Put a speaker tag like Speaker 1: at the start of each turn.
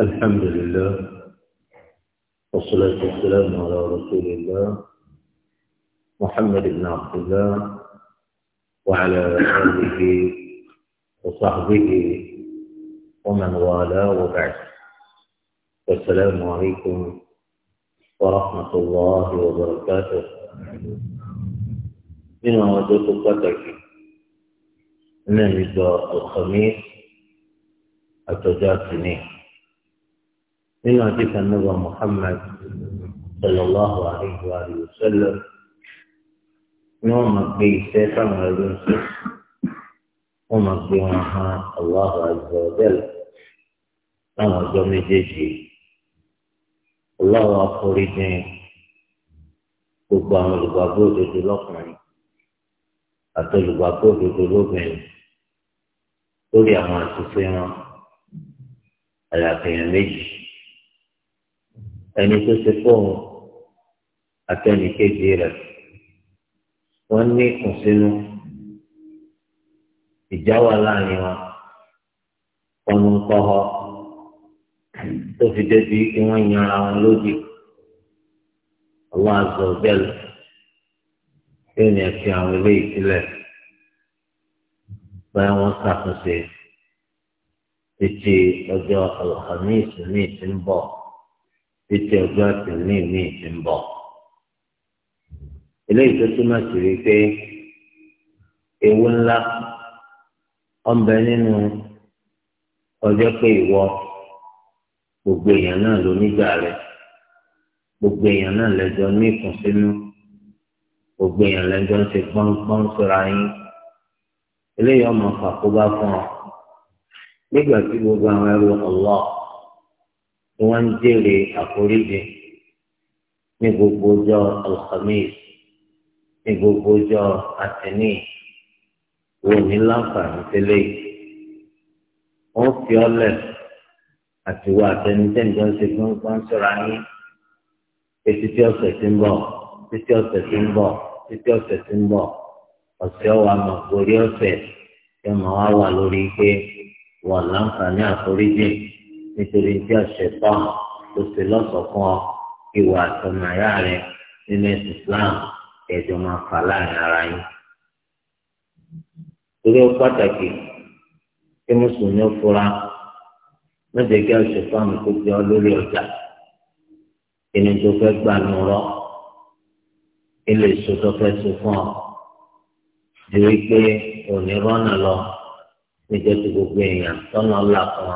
Speaker 1: الحمد لله والصلاة والسلام على رسول الله محمد بن عبد الله وعلى آله وصحبه ومن والاه وبعد والسلام عليكم ورحمة الله وبركاته من وجهة قدرك من الخميس أتجاتني nínú àdìsá nígbà Muhammad sallallahu alayhi wa sallam ni wọ́n máa gbé iṣẹ́ sáwọn ẹgbẹ́ ń sè wọ́n máa gbé wọn hàn Allahu azza wa jalla láwọn ọjọ́ méjèèjì Allahu àforíjì gbogbo àwọn olùgbàgbọ́ òdodo lọ́kùnrin àti olùgbàgbọ́ òdodo lóbìnrin lórí àwọn àtúnṣe wọn àyàfi méjì ẹni tó ṣe fóun àtẹnìkejì rẹ̀ wọ́n ní ìkùnsínú ìjà wà láàrin wọn ọ̀nà kọ́họ tó fi débi kí wọ́n yanra wọn lódì ọlọ́run àzọ bẹ́ẹ̀ yóò ní ẹ̀fí àwọn eléyìí sílẹ̀ báyọ̀ wọn ṣàtúnṣe títí ọjọ́ alhamis ní ìsìn bọ̀ títí ọjọ́ àtìní mi ti ń bọ̀. eléyìí tó túmọ̀ sí wípé ewu ńlá ọ̀nbẹ nínú ọjọ́ pé ìwọ gbogbo èèyàn náà ló nígbà rẹ gbogbo èèyàn náà lẹ́jọ́ ní ìkùnsínú gbogbo èèyàn lẹ́jọ́ ń ṣe gbọ́ngbọ́n sọ́ra yín eléyìí ọmọ fàkóbá fún ọ nígbà tí gbogbo àwọn ẹrù ọlọ́ọ̀ tí wọ́n ń jèrè àforíjì ní gbogbo ọjọ́ alhamis ní gbogbo ọjọ́ atẹni wò ní láǹfààní tẹ́lẹ̀ wọ́n fi ọlẹ̀ àtiwọ́ àtẹnitẹ́nìjọ́ ṣe fún gbọ́nsọ̀rọ̀ ayé etí tí ọ̀sẹ̀ ti ń bọ̀ títí ọ̀sẹ̀ ti ń bọ̀ títí ọ̀sẹ̀ ti ń bọ̀ ọ̀sẹ̀ wa mọ̀ gorí ọ̀sẹ̀ yọmọ wa wà lórí pé wọ́n láǹfààní àforíjì nítorí tí ọ̀sẹ̀ tán tó ṣe lọ́sọ̀kan ìwà àtọmọ ayá rẹ nínú ẹ̀sìn Islam ẹ̀jọ̀ máa fà láàrin ara yín. torí ó pàtàkì kí mùsùlùmí ó fura mẹ́jẹ̀ kí ọ̀sẹ̀ tán kó jẹ́ ọ lórí ọjà ẹni tó fẹ́ gbà nù rọ́ ilé ìṣó tó fẹ́ so fún ọ ìwé pé òní rọ́nà lọ níjọ́ tí gbogbo èèyàn tọ́nà ńlá kan.